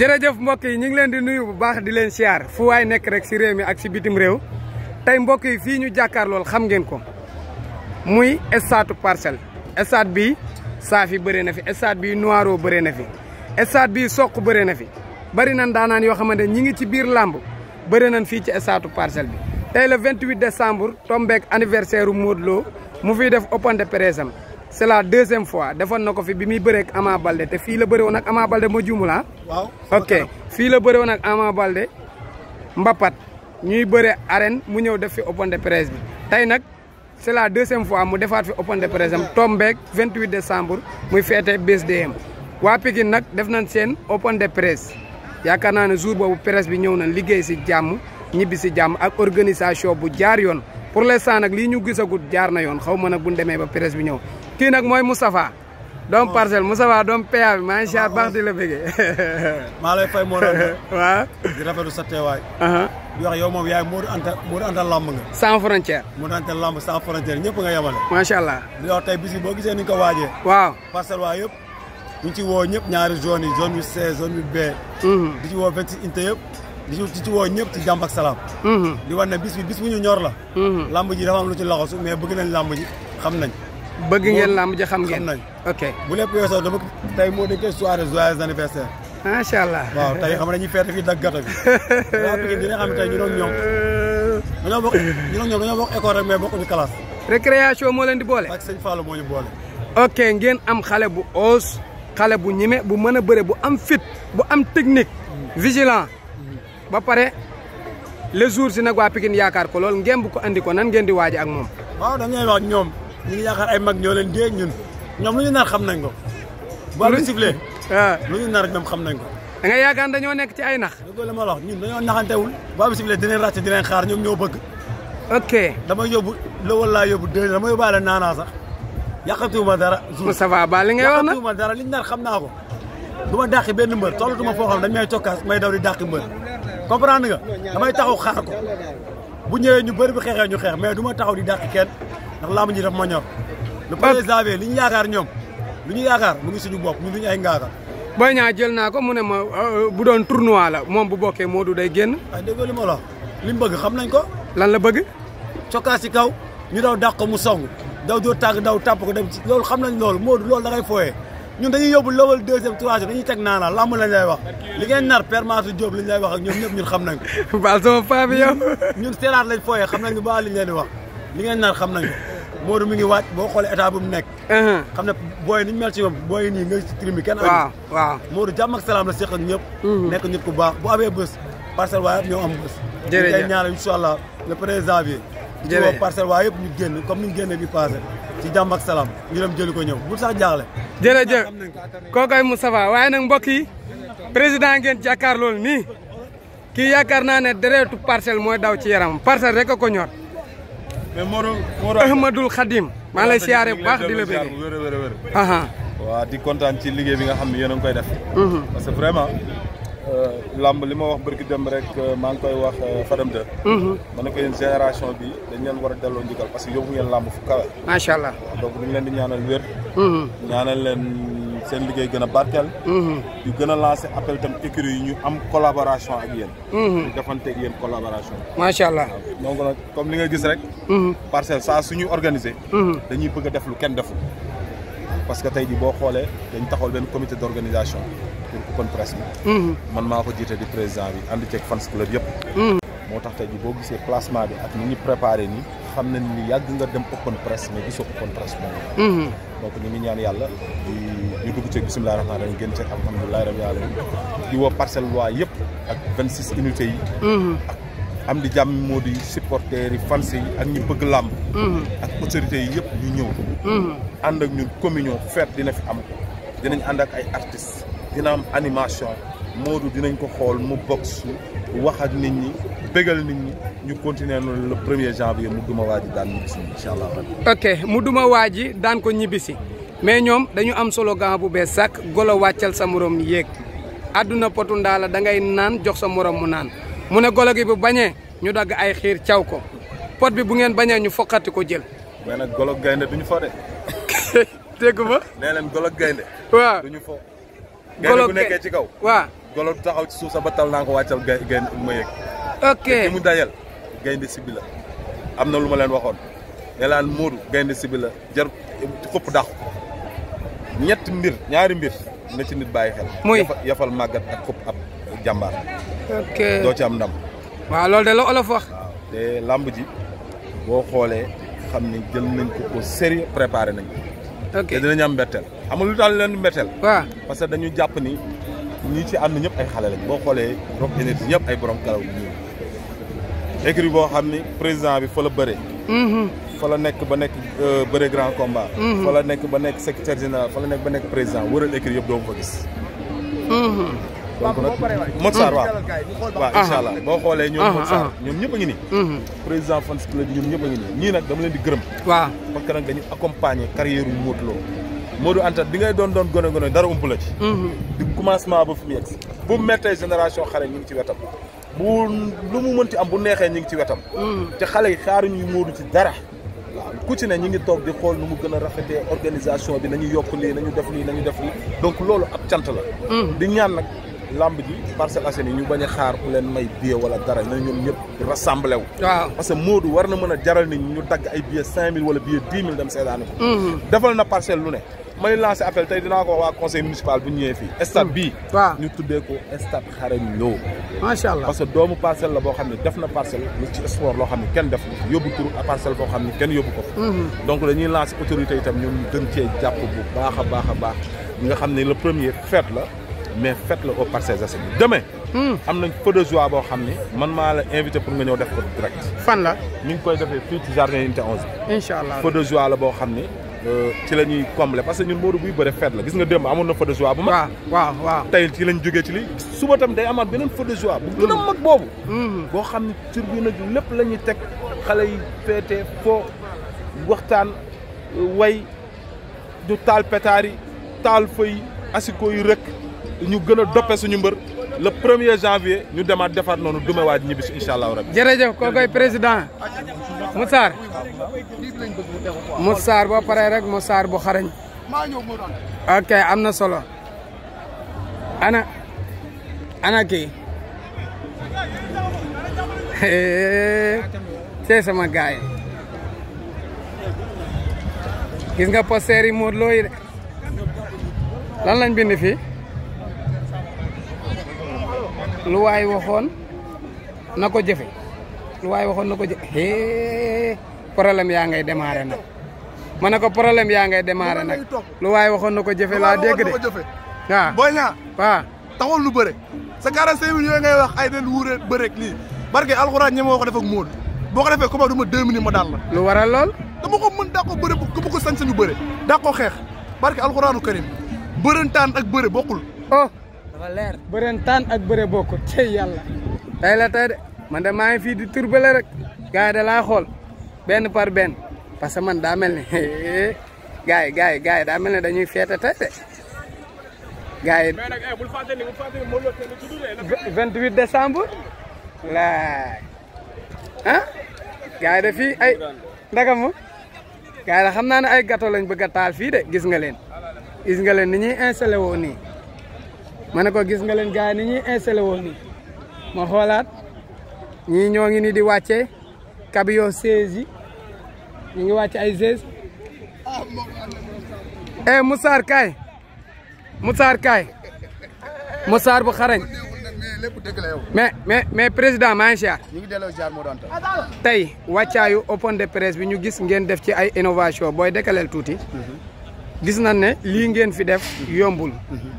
jërëjëf mbokk yi ñu ngi leen di nuyu bu baax di leen siyaar fu waay nekk rek si réew mi ak si bitim réew tey mbokk yi fii ñu jàkkaar xam ngeen ko muy stade parcelle stade bi Safi bëree na fi stade bi Noiro bëree na fi stade bi soq bëree na fi bëri nañ daanaan yoo xamante ñi ngi ci biir làmb bëri nañ fii ci stade parcelle bi tey le 28 décembre tombeek anniversaire u Modou Lo mu fiy def open de presse c'est la deuxième fois defoon na ko fi bi muy bëreeg Ama Balde te fiila la woon ak Ama Balde ma juumul waaw ok fii la bëre woon ak Ama Balde Mbapat ñuy bëre arène mu ñëw def fi open de presse bi tey nag c'est la deuxième fois mu defaat fi open de presse am tombeeg 28 décembre muy feete BSDM waa Pikine nag def nañ seen open de presse yaakaar naa ne jour boobu presse bi ñëw nañ liggéey si jàmm ñibbi si jàmm ak organisation bu jaar yoon pour l'instant nag lii ñu gisagut jaar na yoon xaw ma nag bu demee ba presse bi ñëw. kii nag mooy Moustapha. doom oh. parcelle Moustapha doom PA bi maa ngi siyaar baax di la bëggee. maa lay fay Modou Anta. waaw di rafetlu sa teewaay. Uh-huh. yow moom yaay Modou Anta Modou Anta lamb nga. sans frontière. Modou Anta lamb sans frontière ñëpp nga yemale. macha allah di wax tey bis yi boo gisee ni nga ko waaje waaw parcelle waa yëpp. ñu ci woo ñëpp ñaari zone yi zone bi C zone bi mm-hmm. di ci woo vingt six unité di ci woo ñëpp ci jàmm ak salaam. Mm-hmm. di wan ne bis bi bis bu ñu ñor la. Mm-hmm. lamb ji dafa am lu ci laxasu mais bëgg nañ lamb ji xam nañ. bëgg ngeen làmb ji xam ngeen xam nañ ok bu lépp dama tey moo dañ koy soirée joyeux anniversaire macha allah waaw tey xam nañu feete fii dag gato bi waa Pikine dina xam ne tey ñu doon ñoom dañoo bokk ñu ñoom dañoo bokk école rek mais bokkuñu classe récréation moo leen di boole ak sëñ Fallou moo ñu boole ok ngeen am xale bu oos xale bu ñime bu mën a bëre bu am fit bu am technique vigilant ba pare le jour si nag waa Pikine yaakaar ko lool ngeen bu ko andi ko nan ngeen di waaje ak moom ñu ngi yaakaar ay mag ñoo leen dee ñun ñoom lu ñu nar xam nañ ko. bu amee sifflet waaw ah. lu ñu nar ñoom xam nañ ko. da nga yaakaar dañoo nekk ci ay nax. dëgg la ma wax ñun dañoo naxantewul bu amee sifflet dinañ ràcc dinañ xaar ñoom ñoo bëgg. ok dama yóbbu loolu laa yóbbu déedéet dama yóbbaale naanaa sax yàqatuwuma dara. Moussa Ba li ngay wax nag yàqatuwuma dara liñ nar xam naa ko. du ma dàqi benn mbër tollatuma foo xam dañ may cokkaas may daw di dàqi mbër comprendre nga damay taxaw xaar ko bu ñëwee ñu bëri bu xeexee ñu xeex mais du taxaw di dàqi kenn ndax laamu ji daf ma ñor. le premier janvier li ñu yaakaar ñoom lu ñu yaakaar mu ngi suñu bopp ñu duñu ay ngaaka. Boy Niang jël naa ko mu ne ma euh, euh, bu doon tournoi la moom bu bokkee moo day génn. waaw ah, dégg li ma la li mu bëgg xam nañ ko. lan la bëgg. cokkaas ci kaw ñu daw dàq mu song daw doo tàgg daw tàpp ko dem ci loolu xam nañ loolu Modou loolu da ngay fooyee ñun dañuy yóbbu lowal deuxième troisième dañuy teg naanaa làmb lañ lay wax li ngeen nar permanence Diop liñ lay wax ak ñoom ñëpp ñun xam nañ ko. baal sama ñun seeraat nañ bu baax liñ leen di li ngeen nar xam nañ Modou mi ngi waaj boo xoolee état bu nekk. Uh-huh. xam ne booy ni ñu mel ci moom booy nii nga ci tribune kenn. waaw waaw Modou jàmm ak salaam la seq ak ñëpp. Uh-huh. nekk nit ku baax bu amee bës parcelle waa ñoo am bés. jërëjëf ñu ngi ñaanal incha allah le premier janvier. jërëjëf ci parcelle waa yëpp ñu génn comme ni ñu génnee bi passé ci jàmm ak salaam ñu dem jëli ko ñëw bu sax jaaxle. jërëjëf kooku ay Moustapha waaye nag mbokk yi président ngeen jàkkaar loolu nii kii yaakaar naa ne deretu parcelle mooy daw ci yaram parcelle rek a ko ñor mais Modou Modou Ahmadul Khadim maa lay siyaare baax di la bëgg wér wér wér waaw di kontaan ci liggéey bi nga xam ne yéen a ngi koy def mhm. parce que vraiment euh, lamb li ma wax bërki dem rek euh, maa ngi koy wax euh, Fadam de mhm. ma ne ko génération bi dañ leen war a delloo njukkal parce que yóbbu ngeen lamb fu kawe macha allah donc ñu leen di ñaanal wér mhm. ñaanal leen seen liggéey gën a barkeel yu mhm. gën a lancé appel tam écurie yi ñu am collaboration ak yéen mhm. ñu defante ak yéen collaboration macha allah donc nag comme li nga gis rek mhm. parcelle saa suñu organisé dañuy bëgg a lu kenn deful parce que tey ji boo xoolee dañ taxawal benn comité d' organisation pour open presse bi man maa ko jiite di président bi ànd ceeg fans club yëpp moo tax tey jii boo gisee placement bi ak ni ñu préparé nii xam na ni yàgg nga dem open press mais gisoo open press moom. Mhm. donc ñu ngi ñaan yàlla ñu dugg ci bisimilah rahmaani rahiim génn ci alhamdulilah rabbil alamin di woo parcelle loi yëpp ak 26 unités yi. Mhm. ak am di jàmm moo di supporters yi fans yi ak ñi bëgg làmb mhm. ak autorité yi yëpp ñu ñëw. ànd ak ñun communion fête dina fi am dinañ ànd ak ay artistes dina am animation. Modou dinañ ko xool mu box wax ak nit ñi bégal nit ñi ñu continuer noonu le premier janvier mu duma waaji allah. ok mu duma waa ji daan ko ñibbisi mais ñoom dañu am slogan bu bee sàkk golo wàccal sa moroom yéeg àdduna potu ndaa la da ngay naan jox sa moroom mu naan mu ne golo gi bu bañee ñu dagg ay xiir caw ko pot bi bu ngeen bañee ñu foqati ko jël. mais nag golo gaynde du ñu fo de. dégg ma nee leen golo gaynde. waaw du fo. gaynde bu nekkee ci kaw waaw. golo taxaw ci suuf sa ba tal naa ko wàccal gay gaynde ma mu dajal gaynde sibi la am na lu ma leen waxoon ne laan Modou gaynde sibi la jar xupp dàqu ñett mbir ñaari mbir na ci nit bàyyi xel muy yafal màggat ak xupp ab jàmbaar ok doo ci am ndam waaw loolu de la olof wax waaw te làmb ji boo xoolee xam ni jël nañ ko au sérieux préparé nañ ko te dinañ am mbetteel amul lu tax leen mbetteel waaw que dañu jàpp ni ñi ci ànd ñëpp ay xale lañ boo xoolee Rock Énergie ñëpp ay borom karaw ñu écrit boo xam ni président bi fa la bëre mhm. fa la nekk ba nekk euh, bëre grand combat mhm. fa la nekk ba nekk secrétaire général fa la nekk ba nekk président wëral écrit yëpp doo ko gis mhm. donc nag Modou Sarr waaw waaw incha allah boo xoolee ñoom Modou Sarr ñoom ñëpp a ngi nii président fan club bi ñoom ñëpp a ngi nii ñii nag dama leen di gërëm waaw Lo Modou Anta bi ngay doon doon gone gone la ci commencement ba fu mu yegg si bu méttee génération xale ñu ngi ci wetam bu lu mu mënti am bu neexee ñu ngi ci wetam mm. te xale yi xaar xaaruñu móodu ci dara waaw ku ci ne ñu ngi toog di xool nu mu gën a rafetee organisation bi nañu yokk lii nañu def lii nañu def lii donc loolu ab cant la mm. di ñaan nag lamb ji Parcelles Assainies yi ñu bañ a xaar ku leen may billet wala dara na ñoom ñëpp rassemblé wu waaw parce que Modou war na mën a jaral ni ñu dagg ay billet cinq mille wala billet dix mille mm-hmm. defal na parcelle lu ne may lancé appel tey dinaa ko wax waa conseil municipal bu ñu ñëwee fii. Hmm. stade bii. waaw ñu tuddee ko stade Xaragne Lo. macha allah parce que doomu parcelle la boo xam ne def na parcelle lu ci sport loo xam ne kenn def na yóbbu tur parcelle boo xam ne kenn yóbbu ko fa. Hmm. donc dañuy lancé autorité itam ñoom ñu gën cee jàpp bu baax a baax a baax nga xam ne le premier fête la mais fête la au Parcelles Assainies demain. Hmm. am nañ feu de joie boo xam ni man maa la invité pour nga ñëw def ko direct. fan la ñu ngi koy defee fii ci jardin unité allah feu de la boo xam ni. ci la ñuy combler parce que ñun Modou buy bëre fête la gis nga démb amoon na feu de joie bu mag. waaw tey ci lañ jógee ci li suba tam day amaat beneen feu de joie. bu gën mag boobu. Mm-hmm. boo xam ne tur bi nag lépp la ñuy teg xale yi féete foo waxtaan way du taal pétaar taal feu yi asiko rek ñu gën a doppe suñu mbër. le premier janvier ñu demaat defaat noonu dumewaat ñibbi si incha allahu rabi. jërëjëf kookoy président Moussa Moussa boo paree rek Moussa bu xarañ. ok am na solo. ana ana kii c'est sama gaay gis nga posteer yi Modou Lo lan lañ bind fii lu waay waxoon na ko jëfe lu waaye waxoon na ko jë hee problème yaa ngay démarré nag ma ne ko problème yaa ngay démarré nag lu waaye waxoon na ko jëfe laa dégg de waaw booy ñaa waaw taxul lu bëre sa 45 minutes yooyu ngay wax ay den wuure bëre ak lii barke alxuraan ñeme woo ko def ak boo ko defee ma du ma deux minutes ma daal la lu waral lool dama ko mën daa ko bëre ku ma ko sañ sañu bëre daa ko xeex barke alxuraanu karim bërëntaan ak bëre bokkul oh dafa leer bërëntaan ak bëre bo man de maa ngi fii di turbale rek gars yi da laa xool benn par benn parce que man daa mel ne gars yi gars yi gars yi daa mel ne dañuy feete tey de gars yi. mais nag eh, bul fàtte ni bul décembre. laay ah gars de fii ay ndagamu gars yi de xam naa ne ay gâteau lañ bëgg a taal fii de gis nga leen gis nga leen ni ñuy installé woo nii ma ne ko gis nga leen gars ni ñuy installé woo nii ma xoolaat. ñii ñoo ngi ni di wàcce cabillon 16 yi ñu ngi wàcce ay 16. eh Moussar Kaay Moussar Kaay bu xarañ. mais mais mais président maa ngi siyaar. ñu ngi delloo jaar doon tey wàccaayu open de presse bi ñu gis ngeen def ci ay innovation booy dékaleel tuuti. Mhm. gis nañ ne lii ngeen fi def yombul. Mhm.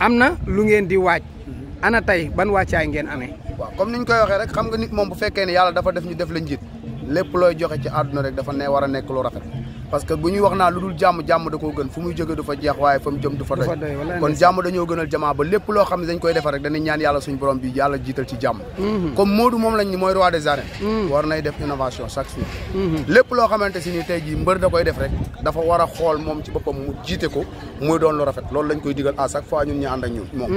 am na lu ngeen di waaj. Mhm. ana tey ban wàccaay ngeen amee. waaw comme niñ ko waxee rek xam nga nit moom bu fekkee ne yàlla dafa def ñu def la njiit lépp looy joxe ci àdduna rek dafa ne war a nekk lu rafet parce que bu ñuy wax naa lu dul jàmm jàmm da koo gën fu muy jóge du fa jeex waaye fa mu jëm du fa doy kon jàmm dañoo gënal jamaa ba lépp loo xam ne dañ koy defar rek dañuy ñaan yàlla suñu borom bi yàlla jiital jàmm mm-hmm. comme Modou moom lañ mooy roi des arènes mm-hmm. war nay def innovation chaque mm-hmm. loo xamante si ni tey jii mbër da koy def rek dafa war a xool moom ci boppam mu jiite ko muy doon lu rafet loolu lañ koy digal à chaque fois ñun ñu ànd ak ñun moom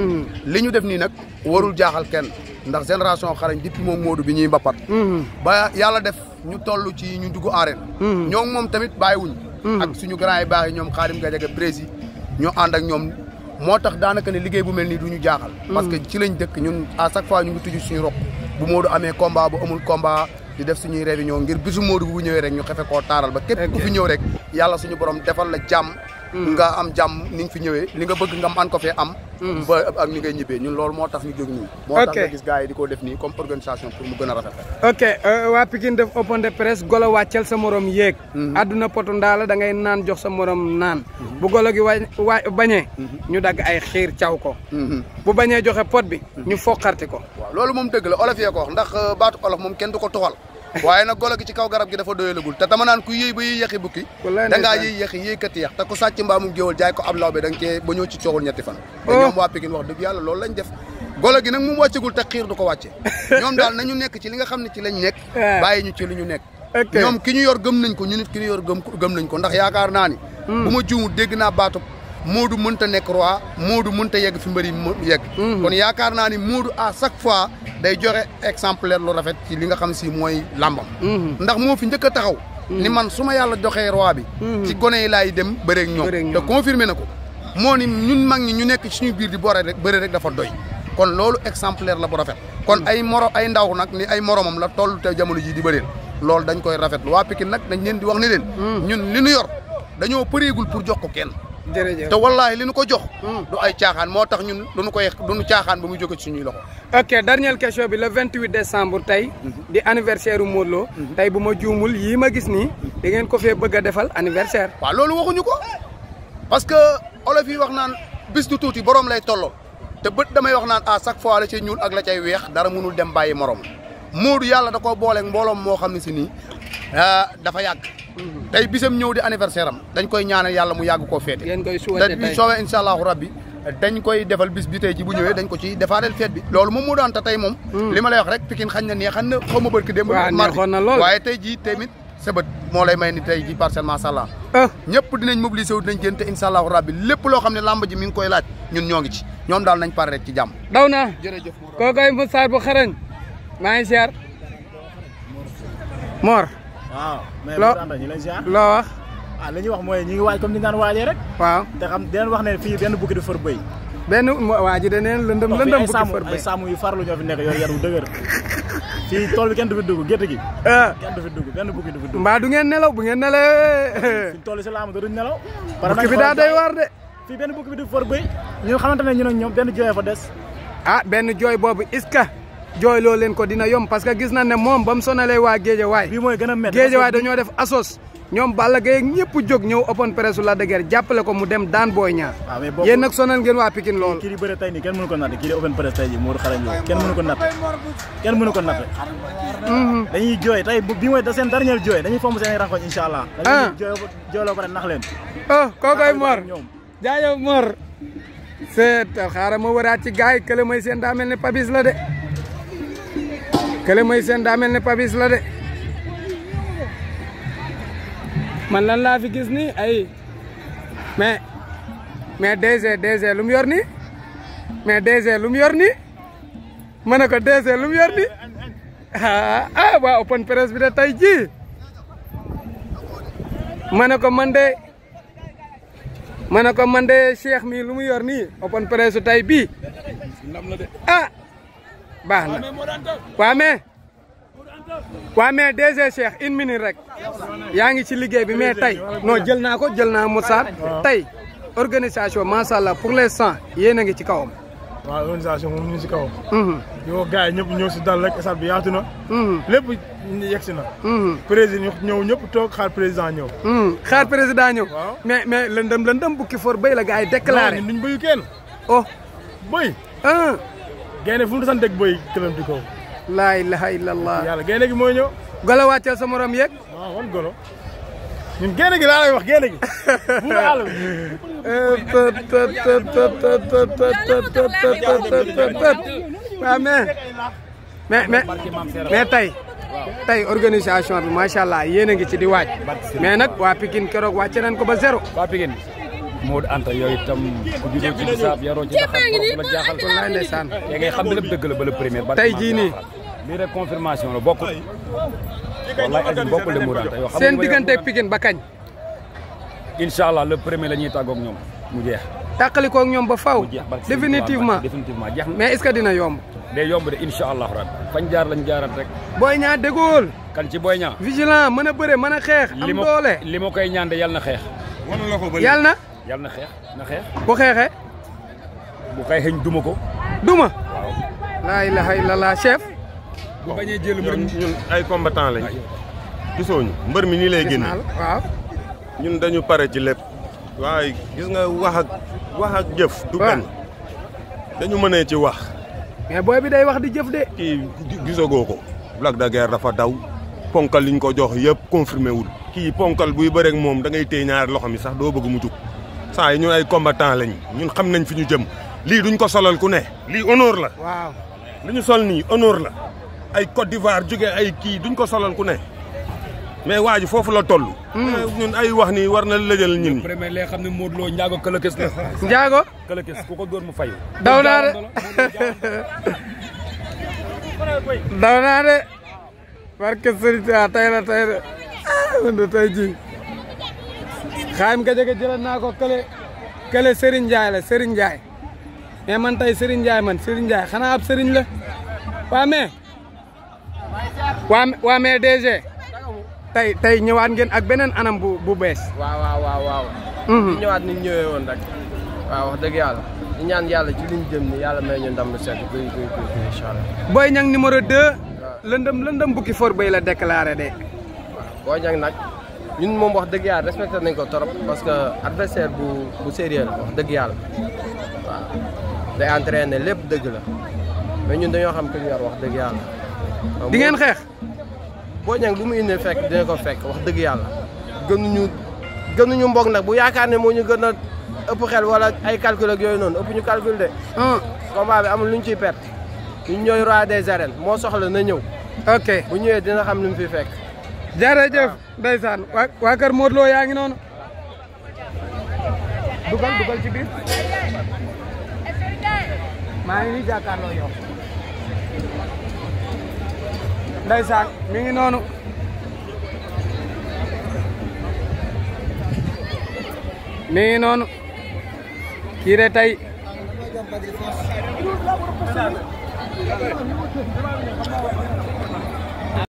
li ñu def nii nag warul jaaxal kenn ndax génération xarañ depuis moom Modou bi ñuy mbapat mhm. ba yàlla def ñu toll ci ñu dugg arène mhm. ñoom moom tamit wuñ mhm. ak suñu grand yi baax yi ñoom xaadim nga jege prési ñoo ànd ak ñoom moo tax daanaka ne liggéey bu mel nii du ñu jaaxal parce que ci lañ dëkk ñun à chaque fois ñu ngi tuju suñu roq bu Modou amee combat bu amul combat di def suñuy réunion ngir bisu Modou bu ñëwee rek ñu xefe koo taaral ba képp ku fi ñëw rek yàlla suñu borom defal la jàmm Mm. nga am jàmm ni nga fi ñëwee ni nga bëgg nga man ko fee am mm. ba ak ni ngay ñibbee ñun loolu moo tax ñu jóg nii gis gars yi di ko def nii comme organisation pour mu gën a rafet ok euh, waa Pikine def open de presse golo wàccel sa morom yéeg adduna mm-hmm. potu ndaala da ngay naan jox sa moroom naan mm-hmm. bu golo gi wa bañee mm-hmm. ñu dagg ay xiir caw ko bu bañee joxe pot bi ñu foqarti ko loolu moom dëgg la olof yee ko ndax euh, baat olof moom kenn du ko tuxal waaye nag golo gi ci kaw garab gi dafa gul te dama naan ku yëy ba yëy yexi bukki da ngaa yëy yexi yëykati yex te ku sàcc mbaamu géwal jaay ko ab law bi da nga ba ñëw ci coowul ñetti fan oh. te ñoom waa Pikine wax dëgg yàlla loolu lañ def golo gi nag moom wàccagul ta xiir du ko wàcce ñoom daal ñu nekk ci li nga xam ne ci lañ nekk ah. bàyyi ñu ci li ñu nekk ñoom ki ñu yor gëm nañ ko ñu nit ki ñu yor gëm gëm nañ ko ndax yaakaar naa ni hmm. bu ma juumu dégg naa baatu moo Modou mënta nekk roi Modou mënta yegg fi mbër yi mu yegg. Mhm. kon yaakaar naa ni Modou à chaque fois day joxe exemplaire lu rafet ci li nga xam si mooy làmbam. Mhm. ndax moo fi njëkk a taxaw. Mhm. ni man su ma yàlla joxee roi bi. ci gone yi laay dem bëreeg ñoom. te confirmé na ko. moo ni ñun mag ñi ñu nekk suñu biir di boore rek bëri rek dafa doy. kon loolu exemplaire la bu rafet. kon ay moro ay ndaw nag ni ay moromam la toll te jamono ji di bëreel. loolu dañ koy rafetlu waa Pikine nag dañ leen di wax ni leen. ñun li ñu yor dañoo përeegul pour jox ko kenn. jërëjëf te wallaahi li nu ko jox. Hmm. du ay caaxaan moo tax ñu du nu koy du nu caaxaan ba mu jóge ci suñuy loxo. ok dernière question bi le 28 décembre tey. Hmm. di anniversaire u Modou Lo. Hmm. tey bu ma juumul yii ma gis nii. da ngeen ko fee bëgg a defal anniversaire. waa loolu waxuñu ko parce que olof yi wax naan bis du tuuti borom lay tolloo te bët damay wax naan à chaque fois la cay ñuul ak la cay weex dara mënul dem bàyyi morom Modou yàlla da koo booleeg mbooloom moo xam ne si nii ah, dafa yàgg. tey bisam ñëw di anniversaire am dañ koy ñaanal yàlla mu yàgg koo feete dañ soowee incha rabbi dañ koy defal bis bi tey ji bu ñëwee dañ ko ci defaareel feet bi loolu moom moo daan ta tey moom hmm. li ma lay wax rek Pikine xañ na neexan na xaw ma barki démb waaye tey ji tamit sëbët moo lay may ni tey ji parcelle ah. ñëpp dinañ mobiliser wu dinañ génn te incha allahu rabbi lépp loo xam ne làmb ji mi ngi koy laaj ñun ñoo ngi ci ñoom daal nañ pare rek ci jàmm daw na jërëjëf kookoy Moussa bu xarañ maa ngi waaw mais ñu lay ziar loo wax ah li wax mooy ñu ngi waaj comme ni ñu daan waajee rek waaw te xam dinañ wax ne fii benn bukki di fër bëy benn waa ji daneen lëndëm lëndëm bukki fër bëy ay ah. benn bukki du mbaa du ngeen nelaw bu ngeen nelawee fi tool si laamu nelaw bukki bi daa doy de fii benn bukki di fër ñu xamante ne ñu ne ñoom benn jooy fa des ah benn jooy boobu iska jooy loo leen ko dina yomb parce que gis na ne moom ba mu sonalee waa Géejawaay. bii mooy gën a métti Géejawaay dañoo def asos. ñoom Balla Gaye ak jóg ñëw open press la de guerre jàppale ko mu dem daan Boy Niang. waaw ah, mais boobu yéen nag sonal ngeen waa Pikine lool. kenn mënu natt kenn mënu natt kenn mënu natt. dañuy jooy tey bi mooy seen dernier jooy dañuy fomm seen i rankoñ incha allah. Ah. dañuy jooy jooyloo ko rek nax leen. oh kookoy Mor jaajëf Mor. seet xaaral ma waraat ci gars yi kële may seen daa mel ne Pabis de. kële mooy seen daa mel ne pabis la de man lan laa fi gis ni ay mais mais DG DG lu mu yor ni mais DG lu mu yor ni ma ne ko DG lu yor ni ah, ah waa open presse bi de tey ji ma ne ko man de ma ne ko man de Cheikh mii lu mu yor nii open presse tey bii ah baax na waaw mais waaw mais DG Cheikh une minute rek yaa ngi ci liggéey bi mais tey non jël naa ko jël naa Moussa tey organisation macha allah pour l'instant yéen a ngi ci kawam. waaw organisation moom ñu ngi si kawam. yow mhm. gars yi ñëw si dal rek stade bi yaatu na. Mhm. lépp yegg si na. Mhm. président ñëw ñëpp toog xaar président ñëw. xaar président ñëw. mais mais lëndëm lëndëm la gars yi déclaré. waaw ñun duñ béyu kenn. oh béy. Ah. gaynde fu mu sant dëgg booy këram di kaw. laa ilaha illallah. yàlla gaynde gi mooy ñëw. golo wàcceel sa morom yeeg. waaw ah, wan golo. ñun gaynde gi laa lay wax gaynde gi. bu ma àll bi. waaw ah, mais mais mais mais tey. tey organisation bi macha allah yéen a ngi ci di waaj. mais nag waa Pikine keroog wàcce nañ ko ba zéro. waa Pikine. Modou Anta yooyu itam ku juddoo ci bisaab yaroo ci la jaaxal wallaay ndeysaan te ngay xam ne lépp dëgg la ba le ba tey jii nii lii rek confirmation la bokkul wallaay ak bokkul le Modou Anta yoo xam seen diggante ak Pikine ba kañ incha allah le la ñuy tàggoog ñoom mu jeex tàqali koog ñoom ba faw définitivement définitivement jeex mais est-ce dina yomb day yomb de incha allah rabbi fañ jaar lañ jaarat rek booy ñaa dégool kan ci booy ñaa vigilant mën a bëre mën a xeex am doole li ma koy ñaan de na xeex yàlla yàlla na xeex bu xeexee. bu xeexee ñu duma ko. duma. waaw. laa ilaha illallah chef. bu bañee jël mbër ñun ay combattant lañ. ñu mbër mi nii lay génn. waaw. ñun dañu pare ci lépp. waaye gis nga wax ak wax ak jëf. du benn dañu mënee ci wax. mais booy bi day wax di jëf de. kii gisagoo ko. Lac de Guiers dafa daw ponkal liñ ko jox yëpp confirmé wul. kii ponkal buy bëreeg moom da ngay téye ñaari loxo mi sax doo bëgg mu saa yi ñun ay combattant lañ ñun xam nañ fi ñu jëm lii duñ ko solal ku ne lii honneur la waaw li ñu sol nii honneur la ay Côte d'Ivoire jóge ay kii duñ ko solal ku ne mais waa ji foofu la toll hmm. eh, ñun ay wax ni war na lëjal ñun premier lay xam ne Modou Lo njaago këlëkës la mu fay daw naa de daw naa de barke sëriñ tey la tey de ah man de tey xaayam ga jege jëlan naa ko kële kële Serigne Ndiaye la Serigne Ndiaye mais man tey Serigne Ndiaye man Serigne Ndiaye xanaa ab Serigne la waa mais waa waa mais DG tey tey ñëwaat ngeen ak beneen anam bu bu bees waaw waaw waaw waaw mhm. ñëwaat ni ñëwee woon rek waaw wax dëgg yàlla ñu ñaan yàlla ci liñ jëm ni yàlla may ñu ndam lu set guy guy guy incha allah Boy Niang numéro 2 lëndëm lëndëm bukki for bay la déclaré de Boy Niang nag ñun moom wax dëgg yàlla respecté nañ ko trop parce que adversaire bu bu sérieux la wax dëgg yàlla waaw day ne lépp dëgg la mais ñun ñoo xam ki ñu wax dëgg yàlla. di ngeen xeex. boo ñëwee lu mu indi fekk dina ko fekk wax dëgg yàlla gënuñu gënuñu mbokk nag bu yaakaar ne moo ñu gën a xel wala ay calcul ak yooyu noonu ëpp ñu calcul de. Ah. combat bi amul lu ñu ciy perte. ñooy roi des arènes moo soxla na ñëw. ok bu ñëwee dina xam lu mu fi fekk. jërëjëf ndeysaan waa waa kër Modou yaa ngi noonu dugal dugal ci biir maa ngi nii jàkkaarloo yow ndeysaan mi ngi noonu mi noonu kii de tey